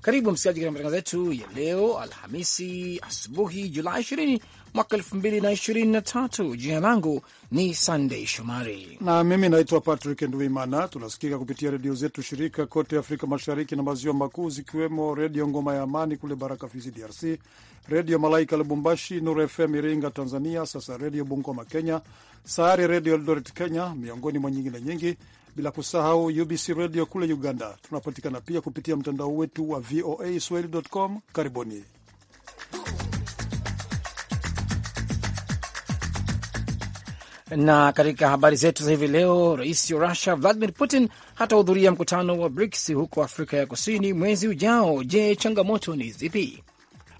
Karibu msikilizaji katika matangazo yetu ya leo Alhamisi asubuhi Julai 20 mwaka 2023. Jina langu ni Sandei Shomari na mimi naitwa Patrick Nduimana. Tunasikika kupitia redio zetu shirika kote Afrika Mashariki na Maziwa Makuu, zikiwemo Redio Ngoma ya Amani kule Baraka Fizi DRC, Redio Malaika Lubumbashi, Nur FM Iringa Tanzania, sasa Redio Bungoma Kenya, Sayari Redio Eldoret Kenya, miongoni mwa nyingine nyingi bila kusahau UBC Radio kule Uganda. Tunapatikana pia kupitia mtandao wetu wa VOA swahili.com. Karibuni. Na katika habari zetu za hivi leo, rais wa Rusia Vladimir Putin hatahudhuria mkutano wa BRICS huko Afrika ya Kusini mwezi ujao. Je, changamoto ni zipi?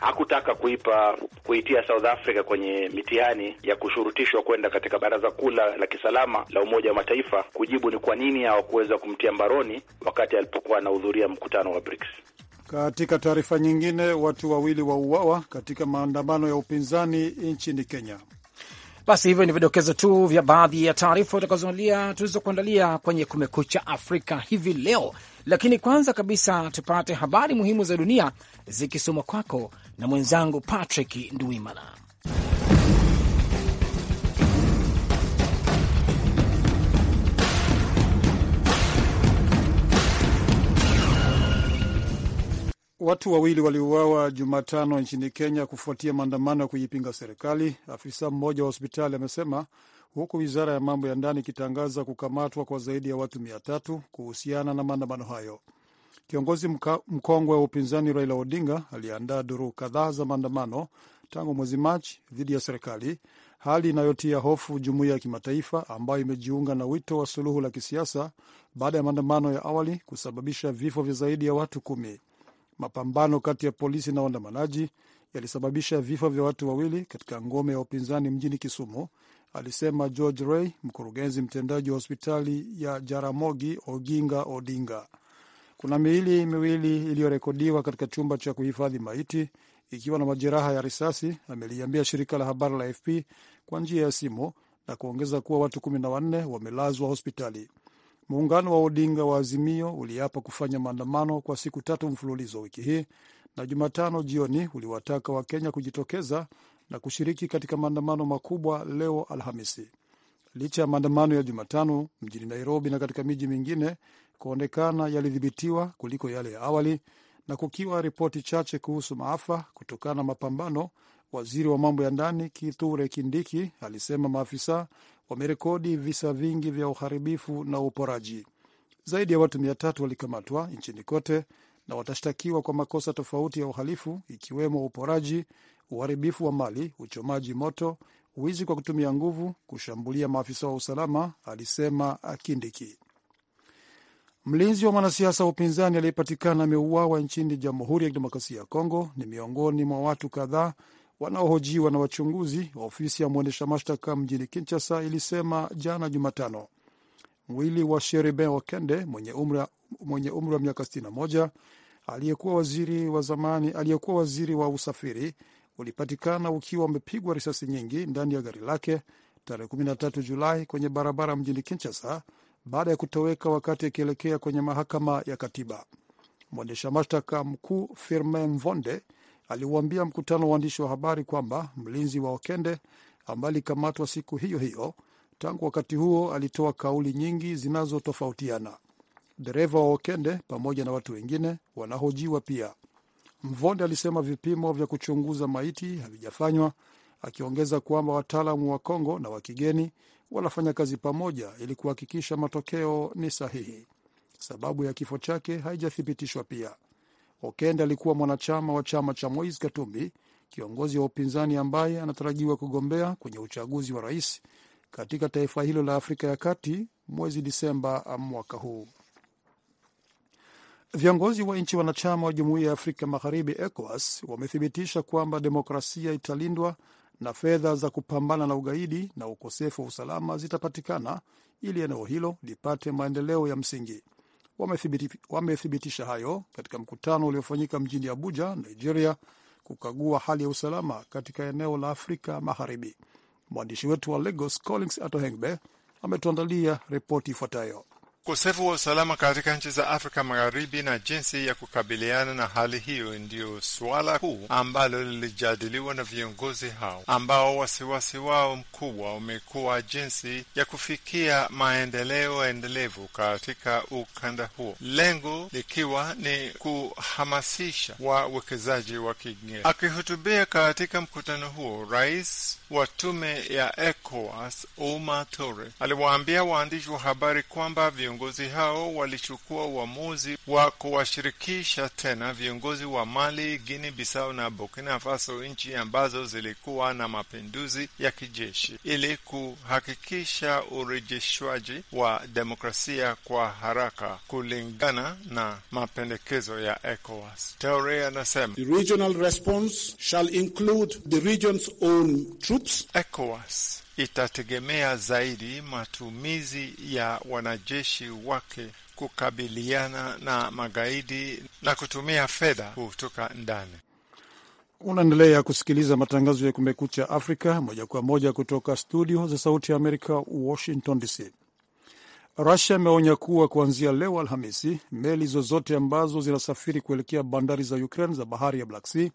hakutaka kuipa kuitia South Africa kwenye mitihani ya kushurutishwa kwenda katika Baraza Kuu la Kisalama la Umoja wa Mataifa kujibu ni kwa nini hawakuweza kumtia mbaroni wakati alipokuwa anahudhuria mkutano wa BRICS. Katika taarifa nyingine, watu wawili wauawa katika maandamano ya upinzani nchini Kenya. Basi hivyo ni vidokezo tu vya baadhi ya taarifa utakazoandalia tulizokuandalia kwenye Kumekucha Afrika hivi leo, lakini kwanza kabisa tupate habari muhimu za dunia zikisomwa kwako na mwenzangu Patrick nduimana Watu wawili waliuawa Jumatano nchini Kenya kufuatia maandamano ya kuipinga serikali, afisa mmoja wa hospitali amesema, huku wizara ya mambo ya ndani ikitangaza kukamatwa kwa zaidi ya watu mia tatu kuhusiana na maandamano hayo. Kiongozi mkongwe wa upinzani Raila Odinga aliandaa duru kadhaa za maandamano tangu mwezi Machi dhidi ya serikali, hali inayotia hofu jumuiya ya kimataifa ambayo imejiunga na wito wa suluhu la kisiasa baada ya maandamano ya awali kusababisha vifo vya zaidi ya watu kumi. Mapambano kati ya polisi na waandamanaji yalisababisha vifo vya watu wawili katika ngome ya upinzani mjini Kisumu, alisema George Ray, mkurugenzi mtendaji wa hospitali ya Jaramogi Oginga Odinga. Kuna miili miwili iliyorekodiwa katika chumba cha kuhifadhi maiti ikiwa na majeraha ya risasi, ameliambia shirika la habari la fp kwa njia ya simu na kuongeza kuwa watu kumi na wanne wamelazwa hospitali. Muungano wa Odinga wa Azimio uliapa kufanya maandamano kwa siku tatu mfululizo wiki hii na Jumatano jioni uliwataka Wakenya kujitokeza na kushiriki katika maandamano makubwa leo Alhamisi. Licha ya maandamano ya Jumatano mjini Nairobi na katika miji mingine kuonekana yalidhibitiwa kuliko yale ya awali na kukiwa ripoti chache kuhusu maafa kutokana na mapambano Waziri wa mambo ya ndani Kithure Kindiki alisema maafisa wamerekodi visa vingi vya uharibifu na uporaji. Zaidi ya watu mia tatu walikamatwa nchini kote na watashtakiwa kwa makosa tofauti ya uhalifu ikiwemo uporaji, uharibifu wa mali, uchomaji moto, wizi kwa kutumia nguvu, kushambulia maafisa wa usalama, alisema Akindiki. Mlinzi wa mwanasiasa wa upinzani aliyepatikana ameuawa nchini Jamhuri ya Kidemokrasia ya Kongo ni miongoni mwa watu kadhaa wanaohojiwa na wachunguzi wa ofisi ya mwendesha mashtaka mjini Kinshasa ilisema jana Jumatano. Mwili wa Sheribin Okende mwenye umri wa miaka 61 aliyekuwa waziri wa zamani aliyekuwa waziri wa usafiri ulipatikana ukiwa umepigwa risasi nyingi ndani ya gari lake tarehe 13 Julai kwenye barabara mjini Kinshasa baada ya kutoweka wakati akielekea kwenye mahakama ya katiba. Mwendesha mashtaka mkuu Firmin Mvonde aliuambia mkutano wa waandishi wa habari kwamba mlinzi wa Okende ambaye alikamatwa siku hiyo hiyo, tangu wakati huo alitoa kauli nyingi zinazotofautiana. Dereva wa Okende pamoja na watu wengine wanahojiwa pia. Mvonde alisema vipimo vya kuchunguza maiti havijafanywa, akiongeza kwamba wataalamu wa Kongo na wa kigeni wanafanya kazi pamoja ili kuhakikisha matokeo ni sahihi. Sababu ya kifo chake haijathibitishwa pia. Okende alikuwa mwanachama wa chama cha mois Katumbi, kiongozi wa upinzani ambaye anatarajiwa kugombea kwenye uchaguzi wa rais katika taifa hilo la Afrika ya Kati mwezi Disemba mwaka huu. Viongozi wa nchi wanachama wa Jumuiya ya Afrika Magharibi, ECOWAS, wamethibitisha kwamba demokrasia italindwa na fedha za kupambana na ugaidi na ukosefu wa usalama zitapatikana ili eneo hilo lipate maendeleo ya msingi wamethibitisha hayo katika mkutano uliofanyika mjini Abuja, Nigeria, kukagua hali ya usalama katika eneo la Afrika Magharibi. Mwandishi wetu wa Lagos, Collins Atohengbe, ametuandalia ripoti ifuatayo ukosefu wa usalama katika nchi za Afrika Magharibi na jinsi ya kukabiliana na hali hiyo ndiyo suala kuu ambalo lilijadiliwa na viongozi hao, ambao wasiwasi wao mkubwa umekuwa jinsi ya kufikia maendeleo endelevu katika ukanda huo, lengo likiwa ni kuhamasisha wawekezaji wa kigeni. Akihutubia katika mkutano huo, rais wa tume ya ECOWAS Omar Tore aliwaambia waandishi wa habari kwamba viongozi viongozi hao walichukua uamuzi wa kuwashirikisha tena viongozi wa Mali, Guinea Bissau na Burkina Faso, nchi ambazo zilikuwa na mapinduzi ya kijeshi, ili kuhakikisha urejeshwaji wa demokrasia kwa haraka kulingana na mapendekezo ya ECOWAS. Teore anasema the regional response shall include the region's own troops. ECOWAS itategemea zaidi matumizi ya wanajeshi wake kukabiliana na magaidi na kutumia fedha kutoka ndani. Unaendelea kusikiliza matangazo ya Kumekucha Afrika moja kwa moja kutoka studio za Sauti ya Amerika, Washington DC. Rusia imeonya kuwa kuanzia leo Alhamisi, meli zozote ambazo zinasafiri kuelekea bandari za Ukraine za bahari ya Black Sea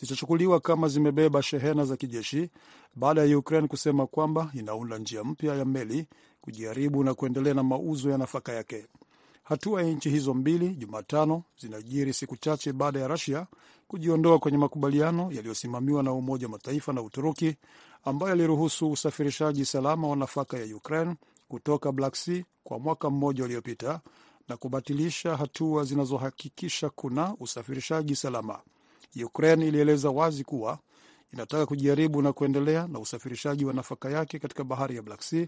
zitachukuliwa kama zimebeba shehena za kijeshi baada ya Ukraine kusema kwamba inaunda njia mpya ya meli kujaribu na kuendelea na mauzo ya nafaka yake. Hatua ya nchi hizo mbili Jumatano zinajiri siku chache baada ya Rusia kujiondoa kwenye makubaliano yaliyosimamiwa na Umoja wa Mataifa na Uturuki ambayo yaliruhusu usafirishaji salama wa nafaka ya Ukraine kutoka Black Sea kwa mwaka mmoja uliopita na kubatilisha hatua zinazohakikisha kuna usafirishaji salama. Ukraine ilieleza wazi kuwa inataka kujaribu na kuendelea na usafirishaji wa nafaka yake katika bahari ya Black Sea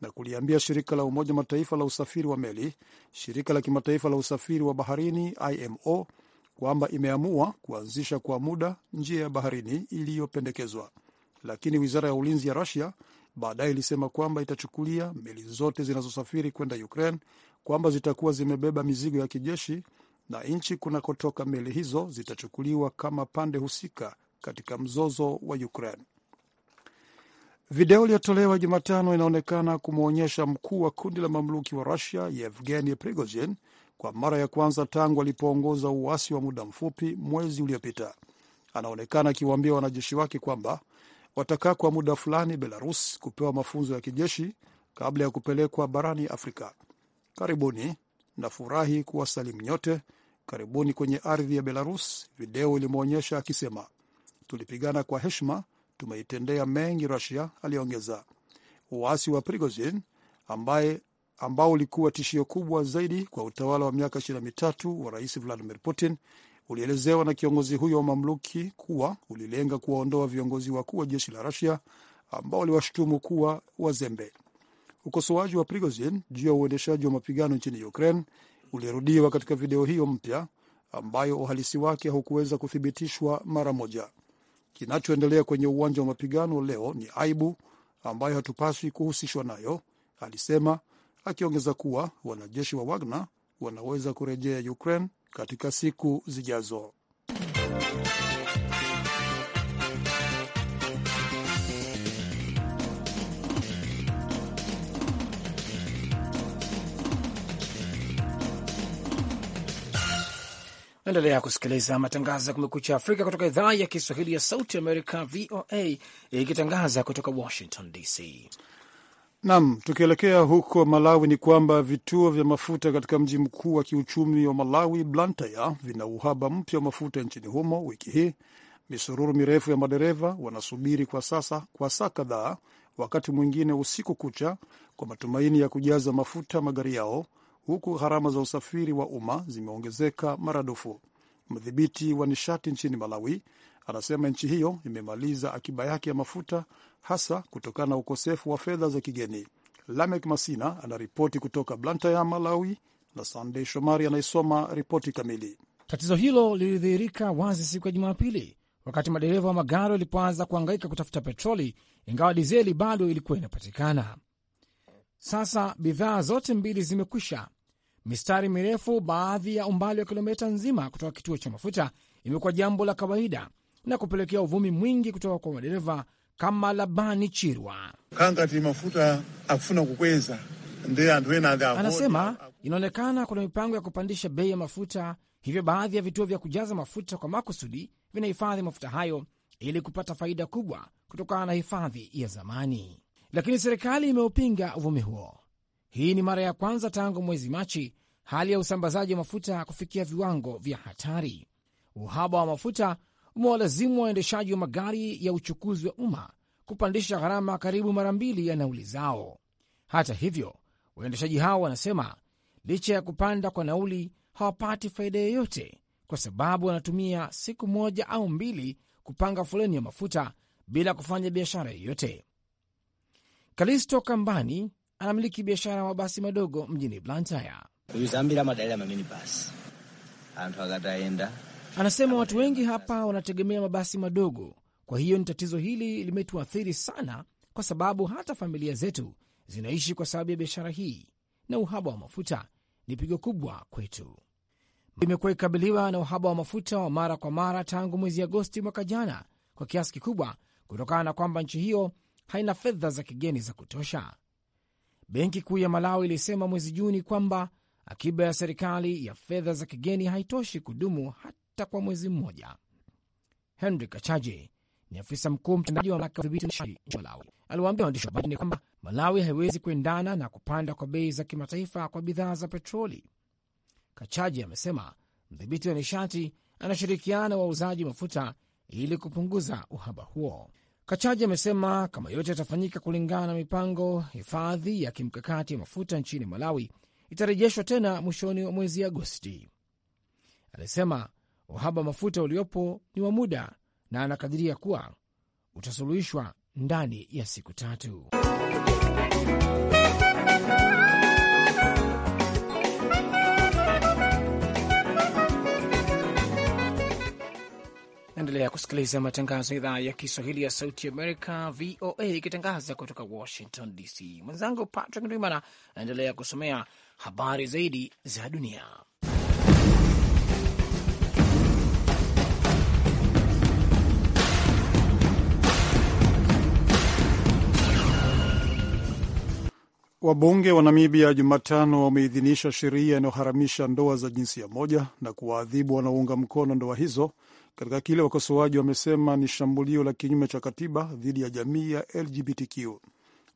na kuliambia shirika la Umoja Mataifa la usafiri wa meli, shirika la kimataifa la usafiri wa baharini IMO kwamba imeamua kuanzisha kwa muda njia ya baharini iliyopendekezwa, lakini wizara ya ulinzi ya Rusia baadaye ilisema kwamba itachukulia meli zote zinazosafiri kwenda Ukraine kwamba zitakuwa zimebeba mizigo ya kijeshi na nchi kunakotoka meli hizo zitachukuliwa kama pande husika katika mzozo wa Ukraine. Video iliyotolewa Jumatano inaonekana kumwonyesha mkuu wa kundi la mamluki wa Rusia Yevgeni Prigozhin kwa mara ya kwanza tangu alipoongoza uasi wa muda mfupi mwezi uliopita. Anaonekana akiwaambia wanajeshi wake kwamba watakaa kwa muda fulani Belarus kupewa mafunzo ya kijeshi kabla ya kupelekwa barani Afrika. Karibuni nafurahi kuwasalimu nyote, karibuni kwenye ardhi ya Belarus, video ilimwonyesha akisema, tulipigana kwa heshima, tumeitendea mengi Rusia, aliongeza. Uasi wa Prigozhin ambaye ambao ulikuwa tishio kubwa zaidi kwa utawala wa miaka mitatu wa rais Vladimir Putin ulielezewa na kiongozi huyo wa mamluki kuwa ulilenga kuwaondoa viongozi wakuu wa jeshi la Rusia ambao waliwashutumu kuwa wazembe. Ukosoaji wa Prigozhin juu ya uendeshaji wa mapigano nchini Ukraine ulirudiwa katika video hiyo mpya ambayo uhalisi wake haukuweza kuthibitishwa mara moja. Kinachoendelea kwenye uwanja wa mapigano leo ni aibu ambayo hatupaswi kuhusishwa nayo, alisema, akiongeza kuwa wanajeshi wa Wagner wanaweza kurejea Ukraine katika siku zijazo. Naendelea kusikiliza matangazo ya Kumekucha Afrika kutoka idhaa ya Kiswahili ya Sauti Amerika, VOA, ikitangaza kutoka Washington DC. Nam, tukielekea huko Malawi ni kwamba vituo vya mafuta katika mji mkuu wa kiuchumi wa Malawi, Blantyre, vina uhaba mpya wa mafuta nchini humo wiki hii. Misururu mirefu ya madereva wanasubiri kwa sasa kwa saa kadhaa, wakati mwingine usiku kucha, kwa matumaini ya kujaza mafuta magari yao, huku gharama za usafiri wa umma zimeongezeka maradufu. Mdhibiti wa nishati nchini Malawi anasema nchi hiyo imemaliza akiba yake ya mafuta hasa kutokana na ukosefu wa fedha za kigeni. Lamek Masina anaripoti kutoka Blantyre, Malawi, na Sandey Shomari anayesoma ripoti kamili. Tatizo hilo lilidhihirika wazi siku ya Jumapili wakati madereva wa magari walipoanza kuangaika kutafuta petroli, ingawa dizeli bado ilikuwa inapatikana. Sasa bidhaa zote mbili zimekwisha Mistari mirefu baadhi ya umbali wa kilomita nzima kutoka kituo cha mafuta imekuwa jambo la kawaida na kupelekea uvumi mwingi kutoka kwa madereva kama Labani Chirwa kangati mafuta akufuna kukweza anasema inaonekana kuna mipango ya kupandisha bei ya mafuta, hivyo baadhi ya vituo vya kujaza mafuta kwa makusudi vinahifadhi mafuta hayo ili kupata faida kubwa kutokana na hifadhi ya zamani, lakini serikali imeupinga uvumi huo. Hii ni mara ya kwanza tangu mwezi Machi hali ya usambazaji wa mafuta kufikia viwango vya hatari. Uhaba wa mafuta umewalazimu waendeshaji wa magari ya uchukuzi wa umma kupandisha gharama karibu mara mbili ya nauli zao. Hata hivyo, waendeshaji hao wanasema licha ya kupanda kwa nauli hawapati faida yoyote, kwa sababu wanatumia siku moja au mbili kupanga foleni ya mafuta bila kufanya biashara yoyote. Kalisto Kambani anamiliki biashara ya mabasi madogo mjini Blantyre. Anasema watu wengi hapa wanategemea mabasi madogo, kwa hiyo ni tatizo hili limetuathiri sana, kwa sababu hata familia zetu zinaishi kwa sababu ya biashara hii, na uhaba wa mafuta ni pigo kubwa kwetu. Imekuwa ikikabiliwa na uhaba wa mafuta wa mara kwa mara tangu mwezi Agosti mwaka jana, kwa kiasi kikubwa kutokana na kwamba nchi hiyo haina fedha za kigeni za kutosha. Benki Kuu ya Malawi ilisema mwezi Juni kwamba akiba ya serikali ya fedha za kigeni haitoshi kudumu hata kwa mwezi mmoja. Henry Kachaje ni afisa mkuu mtendaji wa mamlaka ya udhibiti wa nishati Malawi, aliwaambia waandishi wa habari kwamba Malawi haiwezi kuendana na kupanda kwa bei za kimataifa kwa bidhaa za petroli. kachaji amesema mdhibiti wa nishati anashirikiana wauzaji mafuta ili kupunguza uhaba huo. Kachaji amesema kama yote yatafanyika kulingana na mipango, hifadhi ya kimkakati ya mafuta nchini Malawi itarejeshwa tena mwishoni wa mwezi Agosti. Alisema uhaba wa mafuta uliopo ni wa muda na anakadiria kuwa utasuluhishwa ndani ya siku tatu. Unaendelea kusikiliza matangazo ya idhaa ya Kiswahili ya Sauti Amerika, VOA, ikitangaza kutoka Washington DC. Mwenzangu Patrick Ndwimana anaendelea kusomea habari zaidi za dunia. Wabunge wa Namibia Jumatano wameidhinisha sheria inayoharamisha ndoa za jinsia moja na kuwaadhibu wanaounga mkono ndoa hizo katika kile wakosoaji wamesema ni shambulio la kinyume cha katiba dhidi ya jamii ya LGBTQ.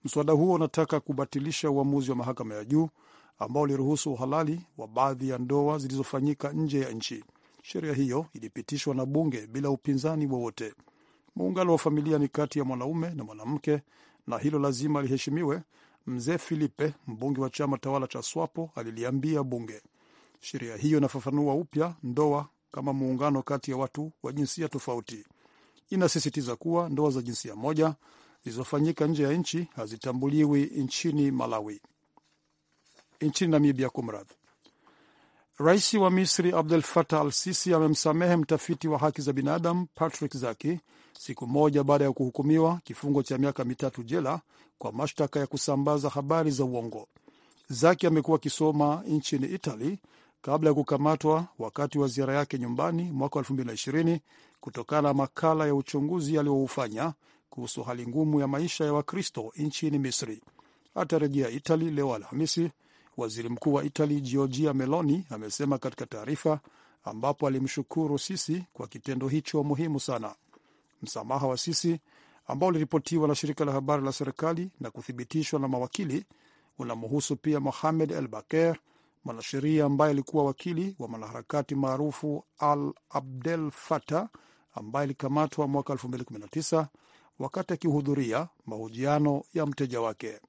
Mswada huo unataka kubatilisha uamuzi wa mahakama ya juu ambao uliruhusu uhalali wa baadhi ya ndoa zilizofanyika nje ya nchi. Sheria hiyo ilipitishwa na bunge bila upinzani wowote. Muungano wa familia ni kati ya mwanaume na mwanamke, na hilo lazima liheshimiwe, mzee Filipe, mbunge wa chama tawala cha SWAPO, aliliambia bunge. Sheria hiyo inafafanua upya ndoa kama muungano kati ya watu wa jinsia tofauti. Inasisitiza kuwa ndoa za jinsia moja zilizofanyika nje ya nchi hazitambuliwi nchini Malawi, nchini Namibia. Kumradhi. Rais wa Misri Abdel Fattah Al Sisi amemsamehe mtafiti wa haki za binadamu Patrick Zaki siku moja baada ya kuhukumiwa kifungo cha miaka mitatu jela kwa mashtaka ya kusambaza habari za uongo. Zaki amekuwa akisoma nchini Italy kabla ya kukamatwa wakati wa ziara yake nyumbani mwaka 2020 kutokana na makala ya uchunguzi aliyoufanya kuhusu hali ngumu ya maisha ya Wakristo nchini Misri. Atarejea Itali leo Alhamisi, waziri mkuu wa Itali Giorgia Meloni amesema katika taarifa, ambapo alimshukuru Sisi kwa kitendo hicho muhimu sana. Msamaha wa Sisi ambao uliripotiwa na shirika la habari la serikali na kuthibitishwa na mawakili unamhusu pia Mohamed El Baker Mwanasheria ambaye alikuwa wakili wa mwanaharakati maarufu Al Abdel fata ambaye alikamatwa mwaka 2019 wakati akihudhuria mahojiano ya mteja wake.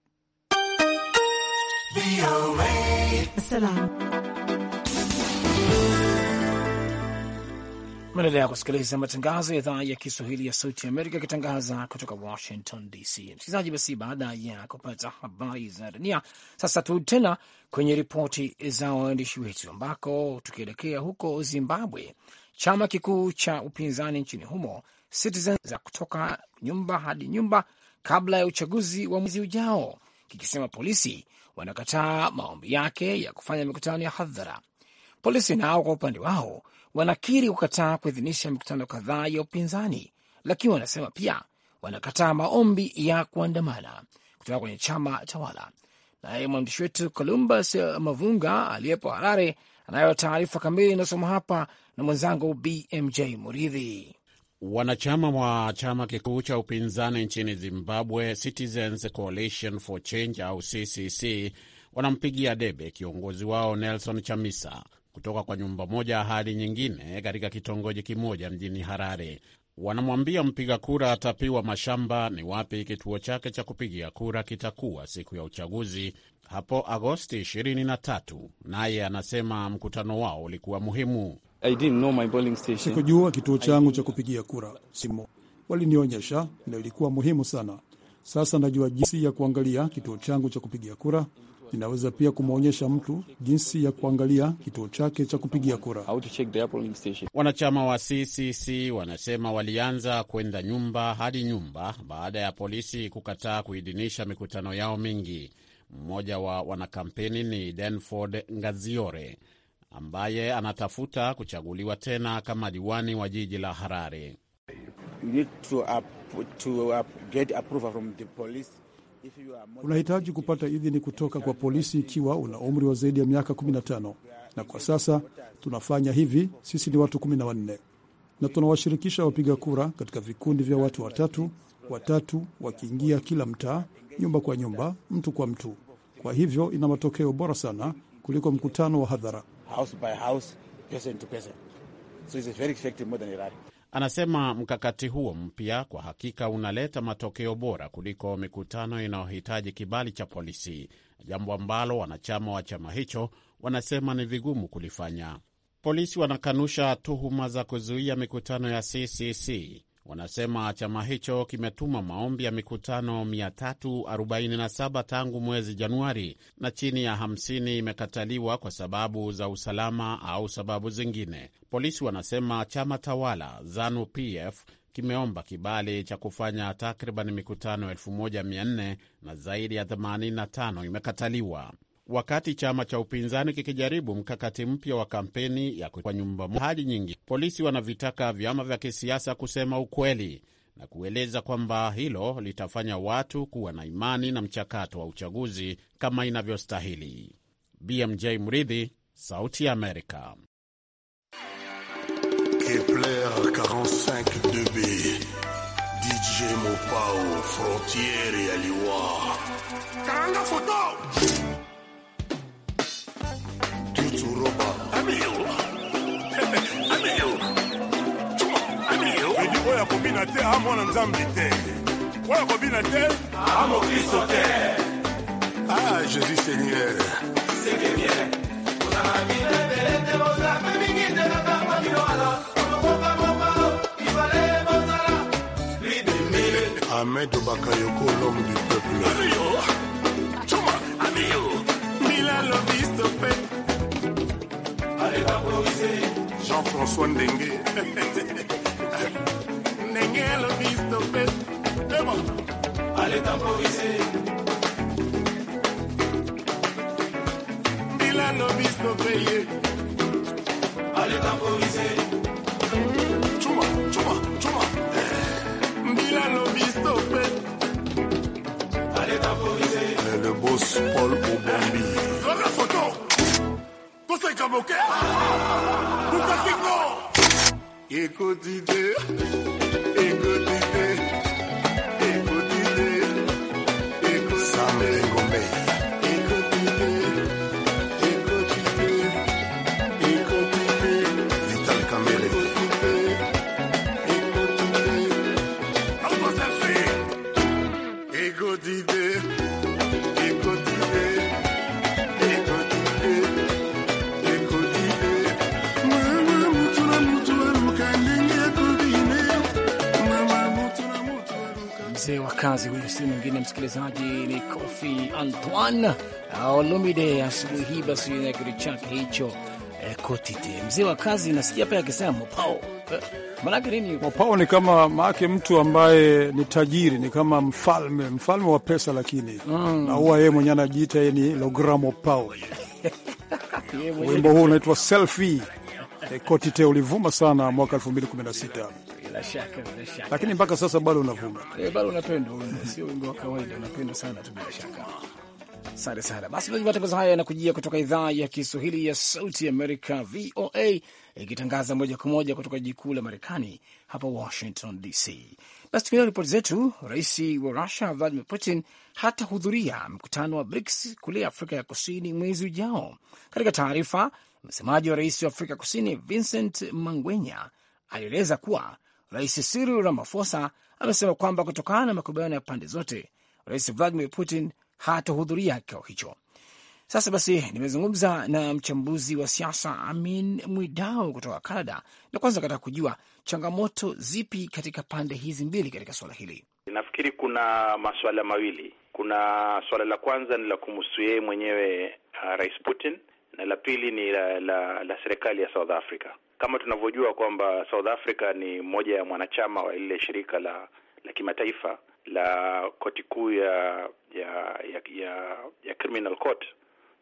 Mnaendelea kusikiliza matangazo ya idhaa ya Kiswahili ya Sauti ya Amerika ikitangaza kutoka Washington DC. Msikilizaji, basi baada ya kupata habari za dunia, sasa turudi tena kwenye ripoti za waandishi wetu, ambako tukielekea huko Zimbabwe, chama kikuu cha upinzani nchini humo Citizen za kutoka nyumba hadi nyumba kabla ya uchaguzi wa mwezi ujao, kikisema polisi wanakataa maombi yake ya kufanya mikutano ya hadhara. Polisi nao kwa upande wao wanakiri kukataa kuidhinisha mikutano kadhaa ya upinzani, lakini wanasema pia wanakataa maombi ya kuandamana kutoka kwenye chama tawala. Naye mwandishi wetu Columbus Mavunga aliyepo Harare anayo taarifa kamili inayosoma hapa na mwenzangu BMJ Muridhi. Wanachama wa chama kikuu cha upinzani nchini Zimbabwe, Citizens Coalition for Change au CCC, wanampigia debe kiongozi wao Nelson Chamisa kutoka kwa nyumba moja hadi nyingine katika kitongoji kimoja mjini Harare. Wanamwambia mpiga kura atapiwa mashamba ni wapi kituo chake cha kupigia kura kitakuwa siku ya uchaguzi hapo Agosti 23. Naye anasema mkutano wao ulikuwa muhimu. Sikujua kituo changu cha kupigia kura, simo, walinionyesha, na ilikuwa muhimu sana. Sasa najua jinsi ya kuangalia kituo changu cha kupigia kura Inaweza pia kumwonyesha mtu jinsi ya kuangalia kituo chake cha kupigia kura. Wanachama wa CCC wanasema walianza kwenda nyumba hadi nyumba baada ya polisi kukataa kuidhinisha mikutano yao mingi. Mmoja wa wanakampeni ni Denford Ngaziore ambaye anatafuta kuchaguliwa tena kama diwani wa jiji la Harare. Unahitaji kupata idhini kutoka kwa polisi ikiwa una umri wa zaidi ya miaka 15, na kwa sasa tunafanya hivi. Sisi ni watu 14 na tunawashirikisha wapiga kura katika vikundi vya watu watatu watatu, wakiingia kila mtaa, nyumba kwa nyumba, mtu kwa mtu. Kwa hivyo ina matokeo bora sana kuliko mkutano wa hadhara. Anasema mkakati huo mpya kwa hakika unaleta matokeo bora kuliko mikutano inayohitaji kibali cha polisi, jambo ambalo wanachama wa chama hicho wanasema ni vigumu kulifanya. Polisi wanakanusha tuhuma za kuzuia mikutano ya CCC Wanasema chama hicho kimetuma maombi ya mikutano 347 tangu mwezi Januari na chini ya 50 imekataliwa kwa sababu za usalama au sababu zingine. Polisi wanasema chama tawala ZANU PF kimeomba kibali cha kufanya takriban mikutano 1400 na zaidi ya 85 imekataliwa wakati chama cha upinzani kikijaribu mkakati mpya wa kampeni ya kwa nyumba hali nyingi. Polisi wanavitaka vyama vya kisiasa kusema ukweli na kueleza kwamba hilo litafanya watu kuwa na imani na mchakato wa uchaguzi kama inavyostahili. BMJ Mridhi, Sauti ya Amerika. Kepler 45b DJ Mopao Frontiere aliwa karanga foto Amiou, Amiou, te Amiou, Amiou, ah jésus seigneur C'est bien Amiou, Amiou, Amiou, Amiou, Amiou, Amiou, Amiou, bakayoko l'homme du peuple Amiou, Amiou, Amiou, mila Amiou, Jean-François Ndenge. le C'est bon. Allez temporiser. Allez temporiser. comme OK Pourquoi c'est non Écoute idée, écoute idée, écoute idée, écoute idée. mzee wa kazi huyu, si mwingine msikilizaji, ni Kofi Antoine ah, Olumide. Asubuhi hii basi na kitu chake hicho eh, kotite mzee wa kazi, nasikia pale akisema mopao eh, manake nini? Mopao ni kama maake mtu ambaye ni tajiri, ni kama mfalme, mfalme wa pesa, lakini mm, na huwa yeye mwenyewe anajiita yeye ni logramo pao wimbo huu unaitwa selfie. Eh, kotite ulivuma sana mwaka 2016. Bila shaka, bila shaka. Lakini mpaka sasa bado unavuma. Eh, bado unapendwa sio wimbo wa kawaida, unapendwa sana tu bila shaka. Asante sana. Basi matangazo haya yanakujia kutoka idhaa ya Kiswahili ya Sauti Amerika VOA ikitangaza moja kwa moja kutoka jiji kuu la Marekani hapa Washington DC. Basi tukiona ripoti zetu, rais wa Russia Vladimir Putin hatahudhuria mkutano wa BRICS kule Afrika ya Kusini mwezi ujao. Katika taarifa, msemaji wa rais wa Afrika Kusini Vincent Mangwenya alieleza kuwa Rais Cyril Ramaphosa amesema kwamba kutokana na makubaliano ya pande zote, Rais Vladimir Putin hatahudhuria kikao hicho. Sasa basi, nimezungumza na mchambuzi wa siasa Amin Mwidao kutoka Canada, na kwanza kataka kujua changamoto zipi katika pande hizi mbili katika suala hili. Nafikiri kuna masuala mawili. Kuna suala la kwanza ni la kumhusu yeye mwenyewe uh, Rais Putin, na la pili ni la, la, la serikali ya South Africa. Kama tunavyojua kwamba South Africa ni mmoja ya mwanachama wa lile shirika la la kimataifa la koti kuu ya ya ya ya ya Criminal Court,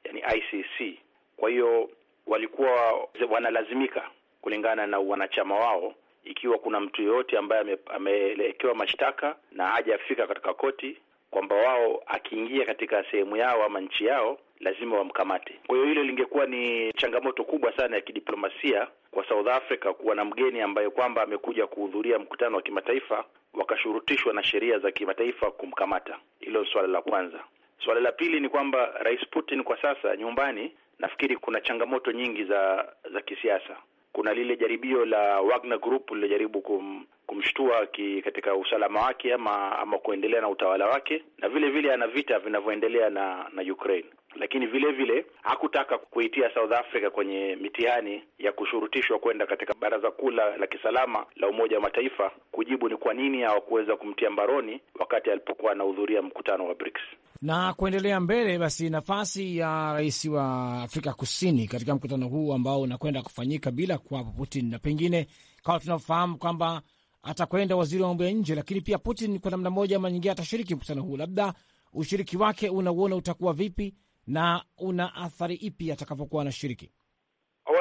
yani ICC. Kwa hiyo walikuwa wanalazimika kulingana na wanachama wao, ikiwa kuna mtu yoyote ambaye ameelekewa mashtaka na hajafika katika koti, kwamba wao akiingia katika sehemu yao ama nchi yao lazima wamkamate. Kwa hiyo hilo lingekuwa ni changamoto kubwa sana ya kidiplomasia kwa South Africa kuwa na mgeni ambaye kwamba amekuja kuhudhuria mkutano wa kimataifa wakashurutishwa na sheria za kimataifa kumkamata. Hilo swala la kwanza. Suala la pili ni kwamba Rais Putin kwa sasa nyumbani, nafikiri kuna changamoto nyingi za za kisiasa. Kuna lile jaribio la Wagner Group lilojaribu kum, kumshtua ki katika usalama wake ama ama kuendelea na utawala wake, na vile vile ana vita vinavyoendelea na na Ukraine lakini vile vile hakutaka kuitia South Africa kwenye mitihani ya kushurutishwa kwenda katika Baraza Kuu la Kisalama la Umoja wa Mataifa kujibu ni kwa nini hawakuweza kumtia mbaroni wakati alipokuwa anahudhuria mkutano wa BRICS. Na kuendelea mbele, basi nafasi ya rais wa Afrika Kusini katika mkutano huu ambao unakwenda kufanyika bila kuwapo Putin, na pengine kama tunaofahamu kwamba atakwenda waziri wa mambo ya nje, lakini pia Putin kwa namna moja ama nyingine atashiriki mkutano huu, labda ushiriki wake unauona utakuwa vipi? na una athari ipi atakavyokuwa anashiriki?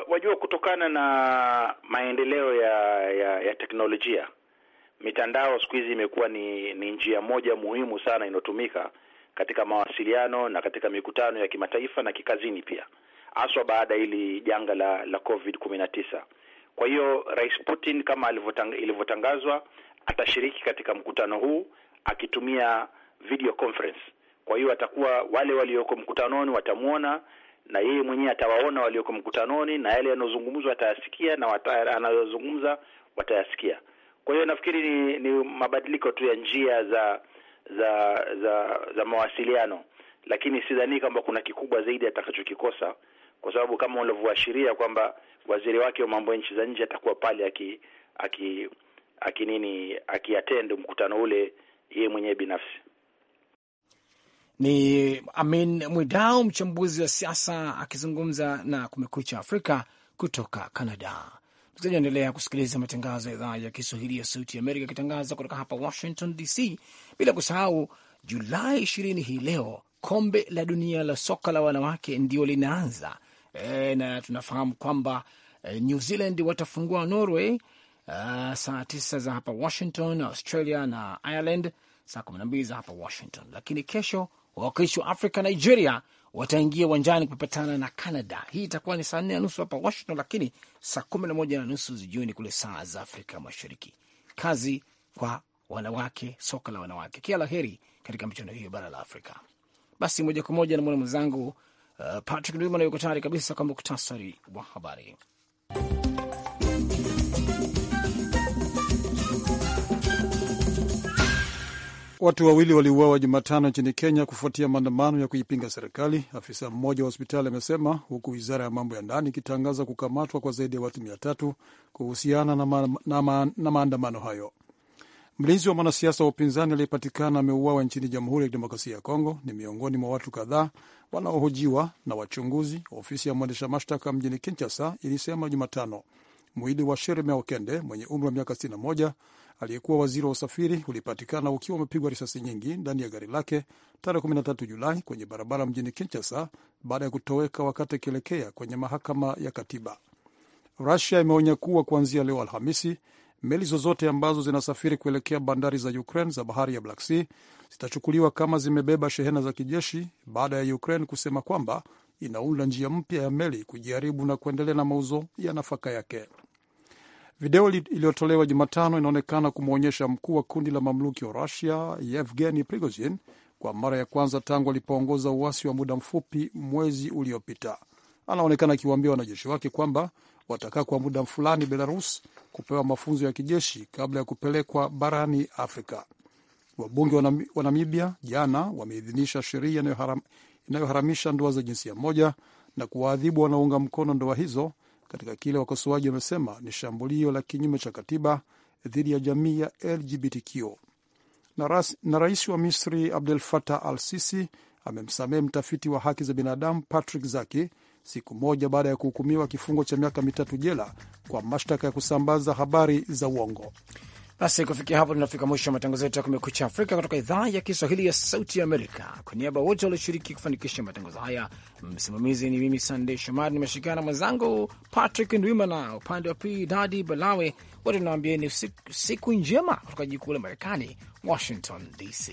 Wajua, kutokana na maendeleo ya, ya, ya teknolojia, mitandao siku hizi imekuwa ni, ni njia moja muhimu sana inayotumika katika mawasiliano na katika mikutano ya kimataifa na kikazini pia, haswa baada ya hili janga la, la Covid 19. Kwa hiyo Rais Putin kama ilivyotangazwa atashiriki katika mkutano huu akitumia video conference kwa hiyo atakuwa wale walioko mkutanoni watamwona na yeye mwenyewe atawaona walioko mkutanoni, na yale yanayozungumzwa atayasikia na anayozungumza watayasikia. Kwa hiyo nafikiri ni, ni mabadiliko tu ya njia za za za za mawasiliano, lakini sidhani kwamba kuna kikubwa zaidi atakachokikosa, kwa sababu kama ulivyoashiria kwamba waziri wake wa mambo ya nchi za nje atakuwa pale aki aki aki nini akiatend mkutano ule yeye mwenyewe binafsi. Ni Amin Mwidau, mchambuzi wa siasa akizungumza na Kumekucha Afrika kutoka Canada. Msikilizaji, endelea kusikiliza matangazo ya idhaa ya Kiswahili ya Sauti ya Amerika ikitangaza kutoka hapa Washington DC, bila kusahau Julai ishirini hii leo kombe la dunia la soka la wanawake ndio linaanza. E, na tunafahamu kwamba e, New Zealand watafungua Norway e, saa tisa za hapa Washington, Australia na Ireland saa kumi na mbili za hapa Washington, lakini kesho wawakilishi wa Afrika Nigeria wataingia uwanjani kupepatana na Canada. Hii itakuwa ni saa nne na nusu hapa Washington, lakini saa kumi na moja na nusu jioni kule saa za Afrika Mashariki. Kazi kwa wanawake, soka la wanawake. Kila la heri katika michuano hiyo bara la Afrika. Basi moja kwa moja namwona mwenzangu uh, Patrick Ndwimana yuko tayari kabisa kwa muktasari wa habari. Watu wawili waliuawa Jumatano nchini Kenya kufuatia maandamano ya kuipinga serikali, afisa mmoja wa hospitali amesema, huku wizara ya mambo ya ndani ikitangaza kukamatwa kwa zaidi ya watu mia tatu kuhusiana na, ma, na, ma, na maandamano hayo. Mlinzi wa mwanasiasa wa upinzani aliyepatikana ameuawa nchini Jamhuri ya Kidemokrasia ya Kongo ni miongoni mwa watu kadhaa wanaohojiwa na wachunguzi, ofisi ya mwendesha mashtaka mjini kinchasa ilisema Jumatano. Mwili wa Sherime Okende mwenye umri wa miaka 61 aliyekuwa waziri wa usafiri ulipatikana ukiwa umepigwa risasi nyingi ndani ya gari lake tarehe 13 Julai kwenye barabara mjini Kinshasa baada ya kutoweka wakati akielekea kwenye mahakama ya katiba. Rusia imeonya kuwa kuanzia leo Alhamisi, meli zozote ambazo zinasafiri kuelekea bandari za Ukraine za bahari ya Black Sea zitachukuliwa kama zimebeba shehena za kijeshi baada ya Ukraine kusema kwamba inaunda njia mpya ya meli kujaribu na kuendelea na mauzo ya nafaka yake. Video iliyotolewa Jumatano inaonekana kumwonyesha mkuu wa kundi la mamluki wa Rusia Yevgeni Prigozhin kwa mara ya kwanza tangu alipoongoza uasi wa muda mfupi mwezi uliopita. Anaonekana akiwaambia wanajeshi wake kwamba watakaa kwa muda fulani Belarus kupewa mafunzo ya kijeshi kabla ya kupelekwa barani Afrika. Wabunge wa Namibia jana wameidhinisha sheria inayoharamisha ndoa za jinsia moja na kuwaadhibu wanaounga mkono ndoa hizo katika kile wakosoaji wamesema ni shambulio la kinyume cha katiba dhidi ya jamii ya LGBTQ. Na, rais wa Misri Abdel Fattah al Sisi amemsamehe mtafiti wa haki za binadamu Patrick Zaki siku moja baada ya kuhukumiwa kifungo cha miaka mitatu jela kwa mashtaka ya kusambaza habari za uongo. Basi kufikia hapo tunafika mwisho wa matangazo yetu ya Kumekucha Afrika kutoka idhaa ya Kiswahili ya Sauti ya Amerika. Kwa niaba wote walioshiriki kufanikisha matangazo haya, msimamizi ni mimi Sandey Shomari, nimeshirikiana na mwenzangu Patrick Ndwimana, upande wa P Dadi Balawe. Wote tunawaambieni siku njema kutoka jikuu la Marekani, Washington DC.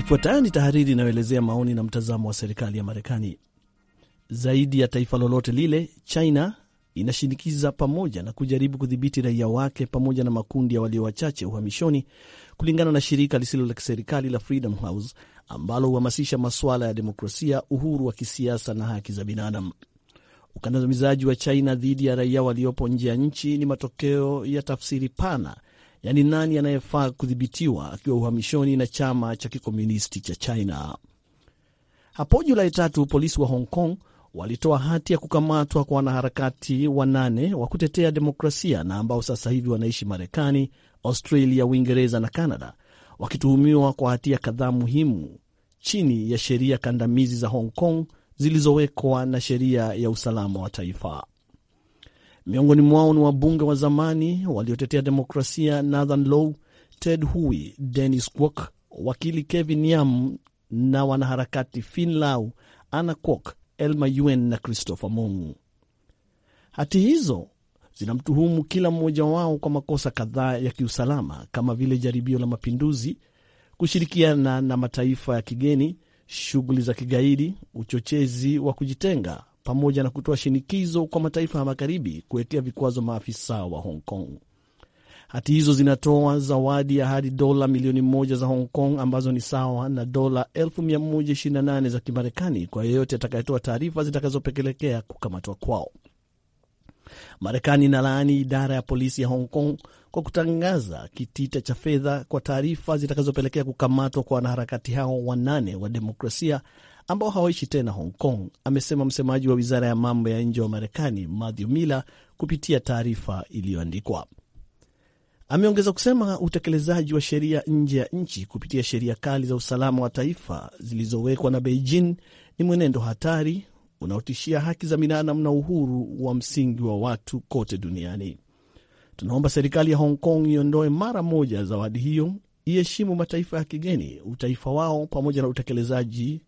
Ifuatayo ni tahariri inayoelezea maoni na mtazamo wa serikali ya Marekani. Zaidi ya taifa lolote lile, China inashinikiza pamoja na kujaribu kudhibiti raia wake pamoja na makundi ya walio wachache uhamishoni, kulingana na shirika lisilo la kiserikali la Freedom House ambalo huhamasisha masuala ya demokrasia, uhuru wa kisiasa na haki za binadamu. Ukandamizaji wa China dhidi ya raia waliopo nje ya nchi ni matokeo ya tafsiri pana yaani nani anayefaa kudhibitiwa akiwa uhamishoni na chama cha kikomunisti cha China. Hapo Julai tatu, polisi wa Hong Kong walitoa hati ya kukamatwa kwa wanaharakati wanane wa kutetea demokrasia na ambao sasa hivi wanaishi Marekani, Australia, Uingereza na canada wakituhumiwa kwa hatia kadhaa muhimu chini ya sheria kandamizi za Hong Kong zilizowekwa na sheria ya usalama wa taifa. Miongoni mwao ni wabunge wa zamani waliotetea demokrasia Nathan low Ted Hui, Dennis Kwok, wakili Kevin Yam na wanaharakati Fin Lau, Anna Kwok, Elma Yuen na Christopher Mungu. Hati hizo zinamtuhumu kila mmoja wao kwa makosa kadhaa ya kiusalama kama vile jaribio la mapinduzi, kushirikiana na mataifa ya kigeni, shughuli za kigaidi, uchochezi wa kujitenga, pamoja na kutoa shinikizo kwa mataifa ya magharibi kuwetia vikwazo maafisa wa Hong Kong. Hati hizo zinatoa zawadi ya hadi dola milioni moja za Hong Kong ambazo ni sawa na dola 128 za Kimarekani kwa yeyote atakayetoa taarifa zitakazopelekea kukamatwa kwao. Marekani inalaani idara ya polisi ya Hong Kong kwa kutangaza kitita cha fedha kwa taarifa zitakazopelekea kukamatwa kwa wanaharakati hao wanane wa demokrasia ambao hawaishi tena Hong Kong, amesema msemaji wa wizara ya mambo ya nje wa Marekani Matthew Miller kupitia taarifa iliyoandikwa. Ameongeza kusema utekelezaji wa sheria nje ya nchi kupitia sheria kali za usalama wa taifa zilizowekwa na Beijing ni mwenendo hatari unaotishia haki za binadamu na uhuru wa msingi wa watu kote duniani. Tunaomba serikali ya Hong Kong iondoe mara moja zawadi hiyo, iheshimu mataifa ya kigeni, utaifa wao, pamoja na utekelezaji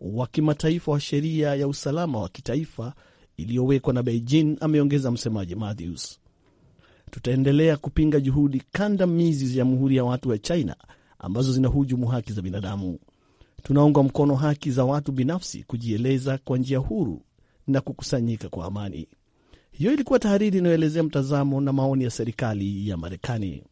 wa kimataifa wa sheria ya usalama wa kitaifa iliyowekwa na Beijing, ameongeza msemaji Matthews. Tutaendelea kupinga juhudi kandamizi za Jamhuri ya Watu wa China ambazo zinahujumu haki za binadamu. Tunaunga mkono haki za watu binafsi kujieleza kwa njia huru na kukusanyika kwa amani. Hiyo ilikuwa tahariri inayoelezea mtazamo na maoni ya serikali ya Marekani.